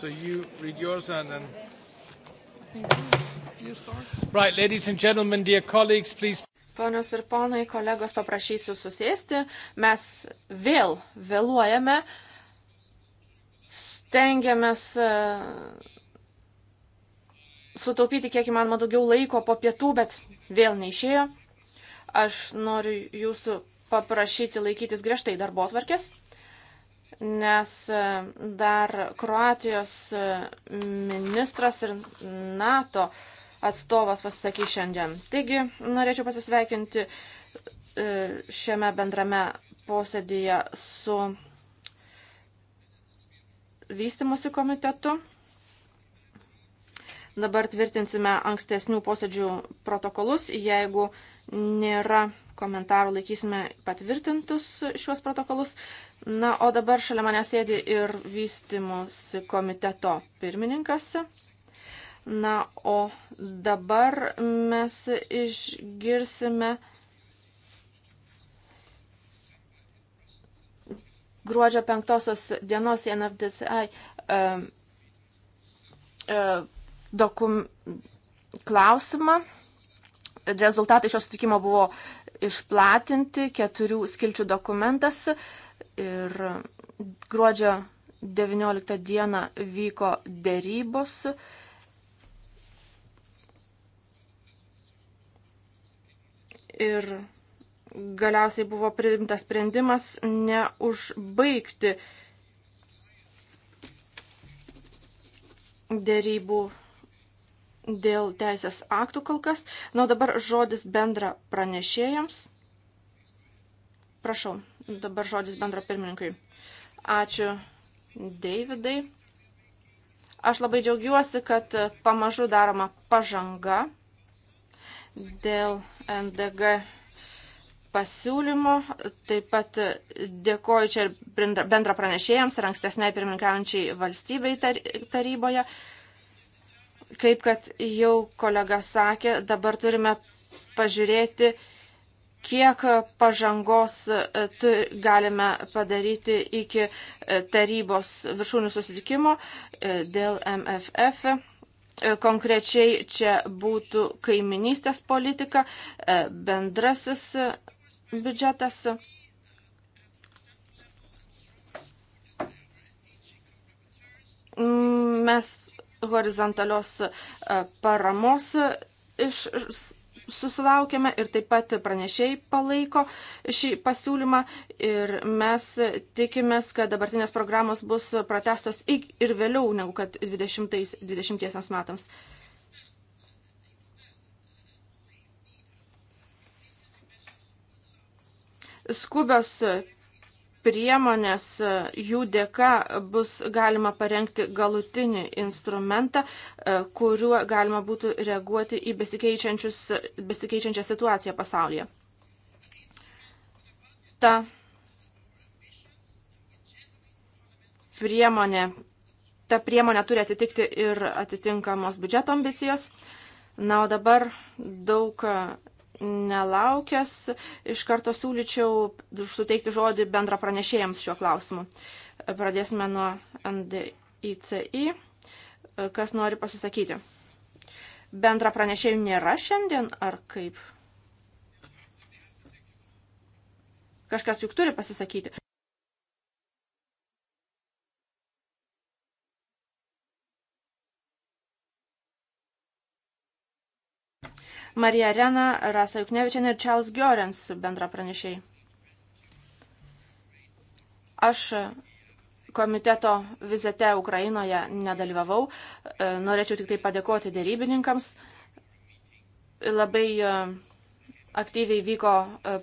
So you read yours and then. Right, ladies and gentlemen, dear colleagues, please. Ponios ir ponai, kolegos, paprašysiu susėsti. Mes vėl vėluojame, stengiamės e, sutaupyti kiek įmanoma daugiau laiko po pietų, bet vėl neišėjo. Aš noriu jūsų paprašyti laikytis griežtai darbo atvarkės nes e, dar Kroatijos e, ministras ir NATO atstovas pasisakys šiandien. Taigi, norėčiau pasisveikinti e, šiame bendrame posėdėje su vystimosi komitetu. Dabar tvirtinsime ankstesnių posėdžių protokolus, jeigu nėra komentarų laikysime patvirtintus šiuos protokolus. Na, o dabar šalia manęs sėdi ir vystimus komiteto pirmininkas. Na, o dabar mes išgirsime gruodžio penktosios dienos NFDCI uh, e, uh, e, dokum klausimą rezultatai šio sutikimo buvo išplatinti keturių skilčių dokumentas ir gruodžio 19 dieną vyko dėrybos. Ir galiausiai buvo priimtas sprendimas neužbaigti dėrybų dėl teisės aktų kol kas. Na, dabar žodis bendra pranešėjams. Prašau, dabar žodis bendra pirmininkui. Ačiū, Davidai. Aš labai džiaugiuosi, kad pamažu daroma pažanga dėl NDG pasiūlymo. Taip pat dėkoju čia bendra pranešėjams ir ankstesniai pirmininkaujančiai valstybei taryboje. Tar kaip kad jau kolega sakė, dabar turime pažiūrėti, kiek pažangos e, galime padaryti iki e, tarybos viršūnių susitikimo e, dėl MFF. Konkrečiai čia būtų kaiminystės politika, bendrasis biudžetas. Mes horizontalios e, paramos e, iš susilaukėme ir taip pat pranešėjai palaiko šį pasiūlymą ir mes tikimės, kad dabartinės programos bus pratestos ir vėliau negu kad 20, 20 metams. Skubios priemonės, jų dėka bus galima parengti galutinį instrumentą, e, kuriuo galima būtų reaguoti į besikeičiančią situaciją pasaulyje. Ta priemonė, ta priemonė turi atitikti ir atitinkamos biudžeto ambicijos. Na, o dabar daug nelaukęs, iš karto siūlyčiau suteikti žodį bendra pranešėjams šiuo klausimu. Pradėsime nuo NDICI, kas nori pasisakyti. Bendra pranešėjų nėra šiandien, ar kaip? Kažkas juk turi pasisakyti. Marija Rena, Rasa Juknevičian ir Charles Giorens bendra pranešiai. Aš komiteto vizite Ukrainoje nedalyvavau. E, norėčiau tik tai padėkoti dėrybininkams. Labai e, aktyviai vyko e,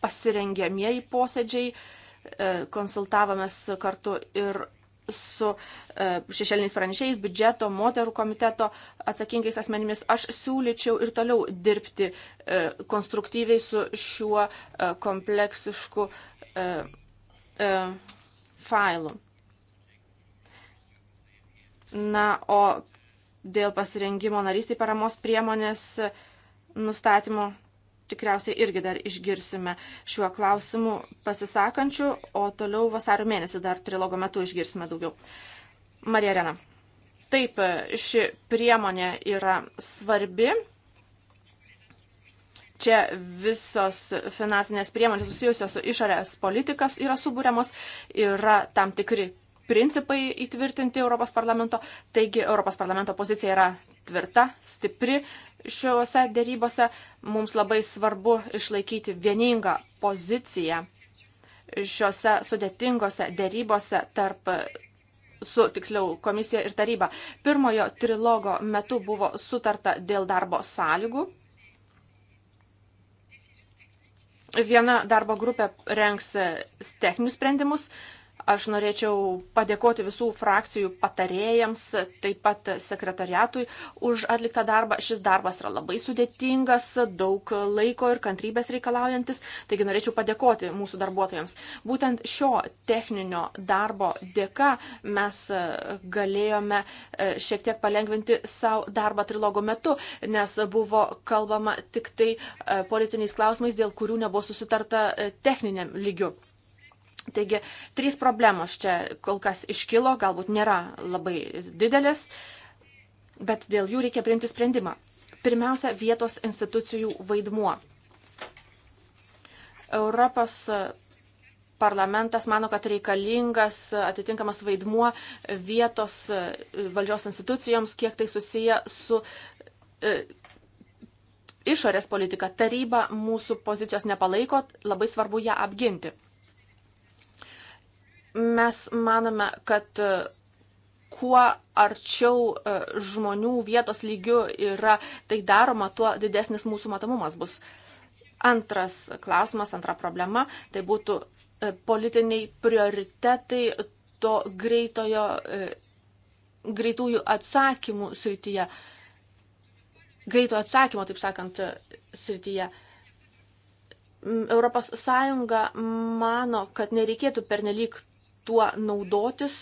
pasirengiamieji posėdžiai, konsultavomės kartu ir su e, šešėliniais pranešėjais, biudžeto, moterų komiteto atsakingais asmenimis. Aš siūlyčiau ir toliau dirbti e, konstruktyviai su šiuo e, kompleksišku failu. Na, o dėl pasirengimo narystai paramos priemonės nustatymo tikriausiai irgi dar išgirsime šiuo klausimu pasisakančių, o toliau vasario mėnesį dar trilogo metu išgirsime daugiau. Marija Rena. Taip, ši priemonė yra svarbi. Čia visos finansinės priemonės susijusios su išorės politikas yra subūriamos, yra tam tikri principai įtvirtinti Europos parlamento. Taigi Europos parlamento pozicija yra tvirta, stipri šiuose dėrybose. Mums labai svarbu išlaikyti vieningą poziciją šiuose sudėtingose dėrybose tarp su, tiksliau, komisija ir taryba. Pirmojo trilogo metu buvo sutarta dėl darbo sąlygų. Viena darbo grupė rengs techninius sprendimus, Aš norėčiau padėkoti visų frakcijų patarėjams, taip pat sekretariatui už atliktą darbą. Šis darbas yra labai sudėtingas, daug laiko ir kantrybės reikalaujantis, taigi norėčiau padėkoti mūsų darbuotojams. Būtent šio techninio darbo dėka mes galėjome e, šiek tiek palengventi savo darbą trilogo metu, nes buvo kalbama tik tai e, politiniais klausimais, dėl kurių nebuvo susitarta e, techniniam lygiu. Taigi, trys problemos čia kol kas iškilo, galbūt nėra labai didelės, bet dėl jų reikia priimti sprendimą. Pirmiausia, vietos institucijų vaidmuo. Europos parlamentas mano, kad reikalingas atitinkamas vaidmuo vietos e, valdžios institucijoms, kiek tai susiję su e, išorės politika. Taryba mūsų pozicijos nepalaiko, labai svarbu ją apginti. Mes manome, kad e, kuo arčiau e, žmonių vietos lygių yra tai daroma, tuo didesnis mūsų matomumas bus. Antras klausimas, antra problema, tai būtų e, politiniai prioritetai to greitojo, greitųjų atsakymų srityje. Greito atsakymo, taip sakant, srityje. Europos Sąjunga mano, kad nereikėtų pernelyg tuo naudotis,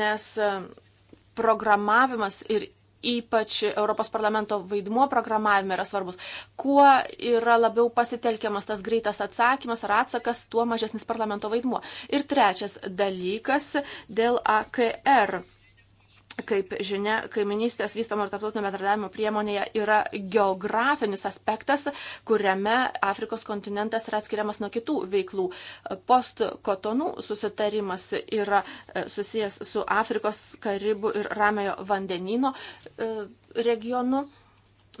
nes programavimas ir ypač Europos parlamento vaidmuo programavime yra svarbus. Kuo yra labiau pasitelkiamas tas greitas atsakymas ar atsakas, tuo mažesnis parlamento vaidmuo. Ir trečias dalykas dėl AKR kaip žinia, kaiminystės vystomo ir tarptautinio bendradavimo priemonėje yra geografinis aspektas, kuriame Afrikos kontinentas yra atskiriamas nuo kitų veiklų. Postkotonų susitarimas yra e, susijęs su Afrikos, Karibų ir Ramiojo vandenino e, regionu.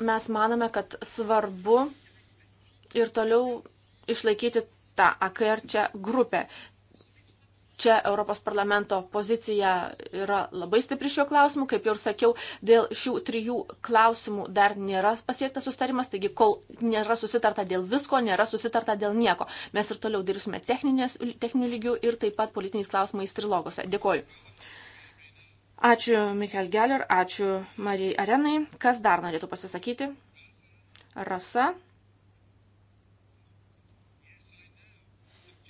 Mes manome, kad svarbu ir toliau išlaikyti tą akerčią grupę čia Europos parlamento pozicija yra labai stipri šiuo klausimu. Kaip jau ir sakiau, dėl šių trijų klausimų dar nėra pasiektas sustarimas, taigi kol nėra susitarta dėl visko, nėra susitarta dėl nieko. Mes ir toliau dirbsime techninių lygių ir taip pat politiniais klausimais trilogose. Dėkoju. Ačiū Michael Geller, ačiū Marijai Arenai. Kas dar norėtų pasisakyti? Rasa.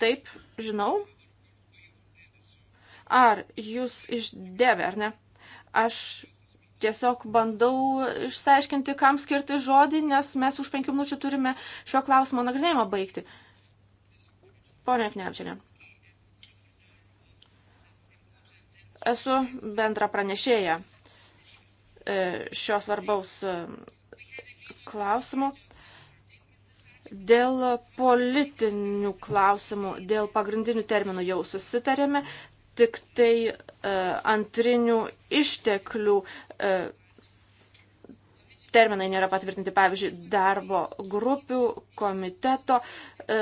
Taip, žinau. Ar jūs išdėvė, ar ne? Aš tiesiog bandau išsiaiškinti, kam skirti žodį, nes mes už penkių minučių turime šio klausimo nagrinėjimą baigti. Pone Knepčinė. Esu bendra pranešėja e, šio svarbaus e, klausimo. Dėl politinių klausimų, dėl pagrindinių terminų jau susitarėme, tik tai e, antrinių išteklių e, terminai nėra patvirtinti, pavyzdžiui, darbo grupių, komiteto e,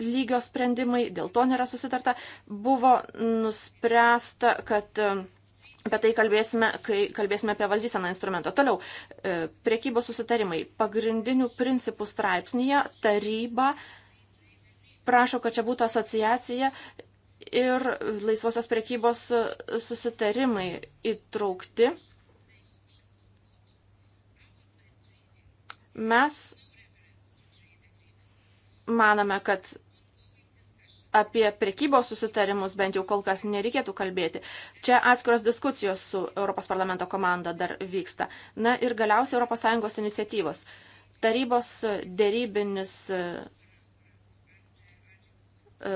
lygio sprendimai, dėl to nėra susitarta. Buvo nuspręsta, kad apie tai kalbėsime, kai kalbėsime apie valdyseną instrumento. Toliau, priekybos susitarimai. Pagrindinių principų straipsnėje taryba prašo, kad čia būtų asociacija ir laisvosios prekybos susitarimai įtraukti. Mes manome, kad apie prekybos susitarimus bent jau kol kas nereikėtų kalbėti. Čia atskiros diskusijos su Europos parlamento komanda dar vyksta. Na ir galiausiai ES iniciatyvos. Tarybos dėrybinis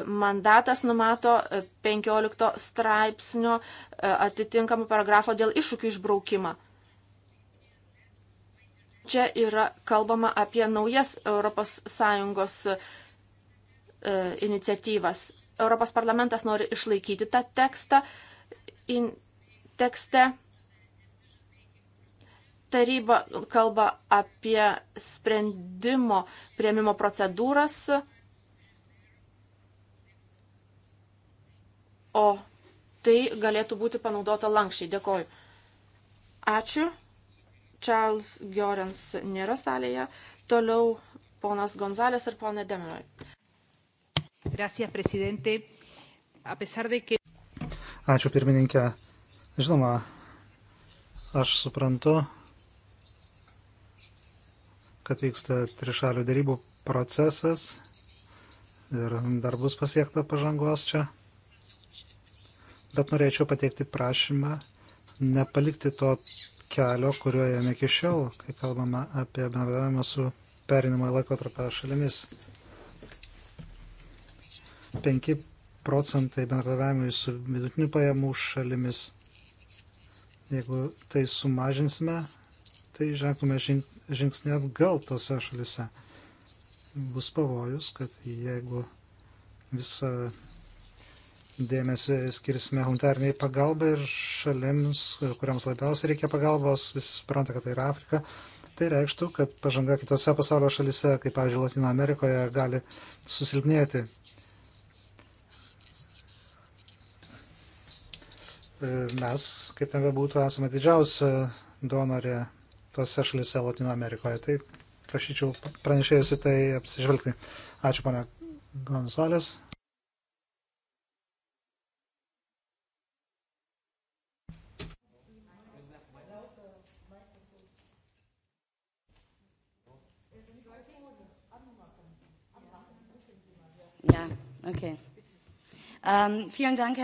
mandatas numato 15 straipsnio e, atitinkamų paragrafo dėl iššūkių išbraukimą. Čia yra kalbama apie naujas ES e, iniciatyvas. Europos parlamentas nori išlaikyti tą tekstą. In, tekste taryba kalba apie sprendimo prieimimo procedūras o tai galėtų būti panaudota lankščiai. Dėkoju. Ačiū. Charles Giorens nėra salėje. Toliau ponas Gonzalės ir ponė Demiroj. Gracias, prezidente. A pesar de que... Ačiū, pirmininkė. Žinoma, aš suprantu, kad vyksta trišalių dėrybų procesas ir dar bus pasiekta pažangos čia bet norėčiau pateikti prašymą nepalikti to kelio, kurio jame iki šiol, kai kalbama apie bendravimą su perinamojo laikotarpio šalimis. 5 procentai bendravimui su vidutiniu pajamų šalimis. Jeigu tai sumažinsime, tai žengtume žingsnį atgal tose šalise. Bus pavojus, kad jeigu visą dėmesį skirsime humanitarniai pagalbai ir šalims, kuriams labiausiai reikia pagalbos, visi supranta, kad tai yra Afrika. Tai reikštų, kad pažanga kitose pasaulio šalise, kaip, pavyzdžiui, Latino Amerikoje, gali susilpnėti. Mes, kaip ten bebūtų, esame didžiausia donorė tuose šalise Latino Amerikoje. Tai prašyčiau pranešėjus į tai apsižvelgti. Ačiū, pane Gonzalės. Um, Dank,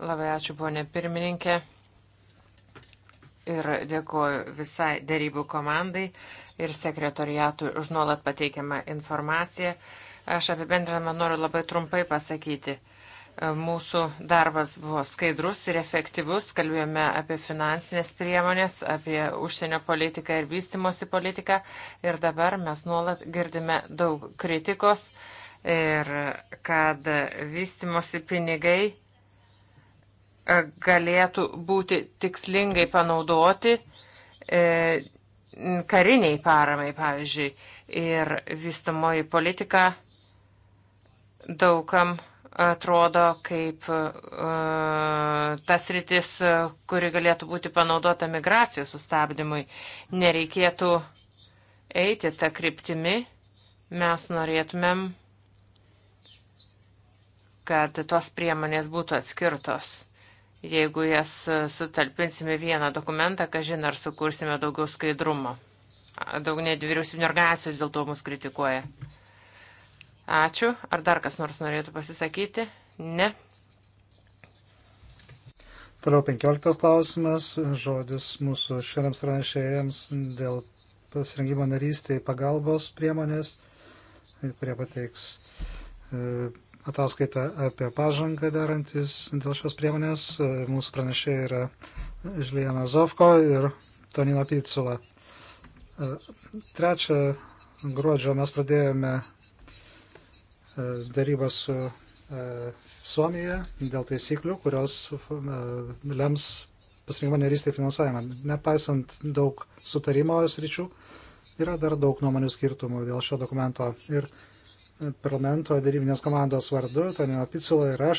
Labai ačiū, ponė pirmininkė. Ir dėkuoju visai dėrybų komandai ir sekretoriatui už nuolat pateikiamą informaciją. Aš apibendrinamą noriu labai trumpai pasakyti. Mūsų darbas buvo skaidrus ir efektyvus, kalbėjome apie finansinės priemonės, apie užsienio politiką ir vystimosi politiką ir dabar mes nuolat girdime daug kritikos. Uh, ir kad vystimosi pinigai e, galėtų būti tikslingai panaudoti e, kariniai paramai, pavyzdžiui, ir vystamoji politika daugam atrodo kaip e, tas rytis, kuri galėtų būti panaudota migracijos sustabdymui. Nereikėtų eiti tą kryptimi, mes norėtumėm kad tos priemonės būtų atskirtos. Jeigu jas sutalpinsime vieną dokumentą, kažin ar sukursime daugiau skaidrumo. Daug nevyriausybinio organizacijų dėl to mus kritikuoja. Ačiū. Ar dar kas nors norėtų pasisakyti? Ne. Toliau 15 klausimas. Žodis mūsų šiandiems ranšėjams dėl pasirengimo narystėje pagalbos priemonės, kurie pateiks e, ataskaitą apie pažangą darantis dėl šios priemonės. Mūsų pranešė yra Žilijana Zovko ir Tonino Picula. Trečią gruodžio mes pradėjome e, darybą su e, Suomija dėl taisyklių, kurios e, lems pasirinkimą narystį finansavimą. Nepaisant daug sutarimo sričių, yra dar daug nuomonių skirtumų dėl šio dokumento. Ir parlamento dėrybinės komandos vardu, Tonino Picula ir aš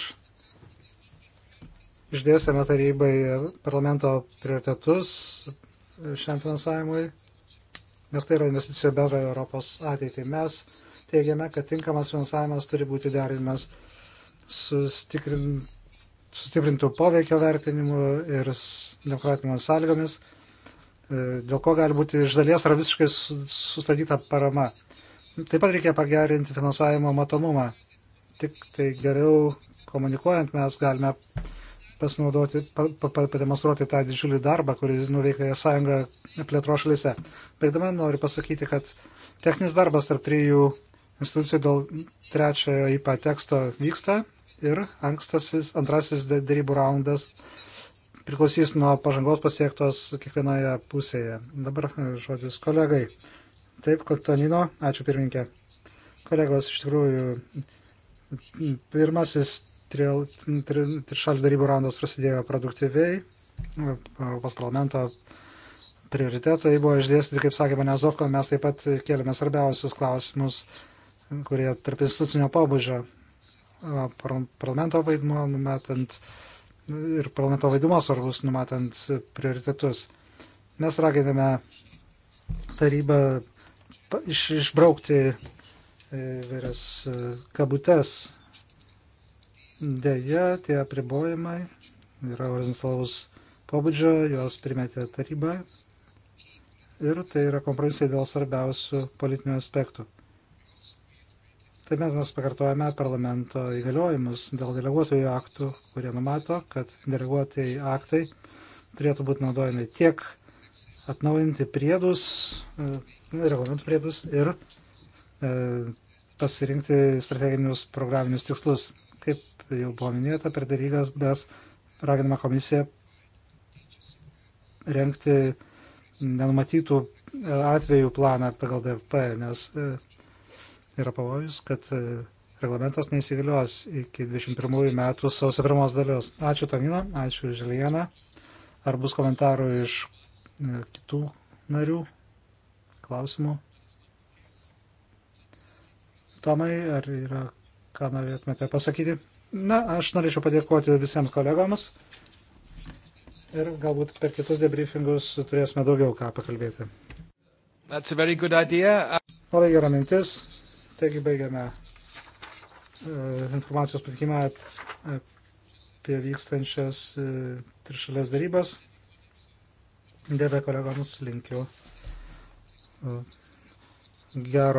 išdėstėme tarybai parlamento prioritetus šiam finansavimui, nes tai yra investicija bendrai Europos ateitį. Mes teigiame, kad tinkamas finansavimas turi būti derinimas sustiprintų poveikio vertinimu ir demokratinėmis sąlygomis, e, dėl ko gali būti iš dalies ar visiškai sustabdyta parama. Taip pat reikia pagerinti finansavimo matomumą. Tik tai geriau komunikuojant mes galime pasinaudoti, pa, pa, pademonstruoti tą didžiulį darbą, kurį nuveikia sąjunga plėtro šalyse. Baigdama noriu pasakyti, kad techninis darbas tarp trijų institucijų dėl trečiojo IPA teksto vyksta ir ankstasis, antrasis darybų raundas priklausys nuo pažangos pasiektos kiekvienoje pusėje. Dabar žodis kolegai. Taip, Kotonino, ačiū pirmininkė. Kolegos, iš tikrųjų, pirmasis trišalių tri, tri darybų raundas prasidėjo produktyviai. Europos parlamento prioritetai buvo išdėstyti, kaip sakė Vanė Zovko, mes taip pat kėlėme svarbiausius klausimus, kurie tarp institucinio pobūdžio parlamento vaidmuo numatant ir parlamento vaidmuo svarbus numatant prioritetus. Mes raginame tarybą iš, išbraukti e, vairias e, kabutes. Deja, tie apribojimai yra horizontalus pobūdžio, juos primetė taryba ir tai yra kompromisai dėl svarbiausių politinių aspektų. Taip mes, mes pakartojame parlamento įgaliojimus dėl deleguotojų aktų, kurie numato, kad deleguotojai aktai turėtų būti naudojami tiek atnaujinti priedus, e, reglamentų priedus ir e, pasirinkti strateginius programinius tikslus. Kaip jau buvo minėta, per dalykas, mes raginama komisija renkti nenumatytų e, atvejų planą pagal DFP, nes yra pavojus, kad reglamentas neįsigalios iki 21 metų sausio pirmos dalios. Ačiū Tomina, ačiū Žilieną. Ar bus komentarų iš kitų narių klausimų. Tomai, ar yra ką norėtumėte pasakyti? Na, aš norėčiau padėkoti visiems kolegoms ir galbūt per kitus debriefingus turėsime daugiau ką pakalbėti. Labai gera mintis. Taigi baigiame e, informacijos patikimą apie vykstančias e, trišalės darybas. Dėve kolegoms linkiu gero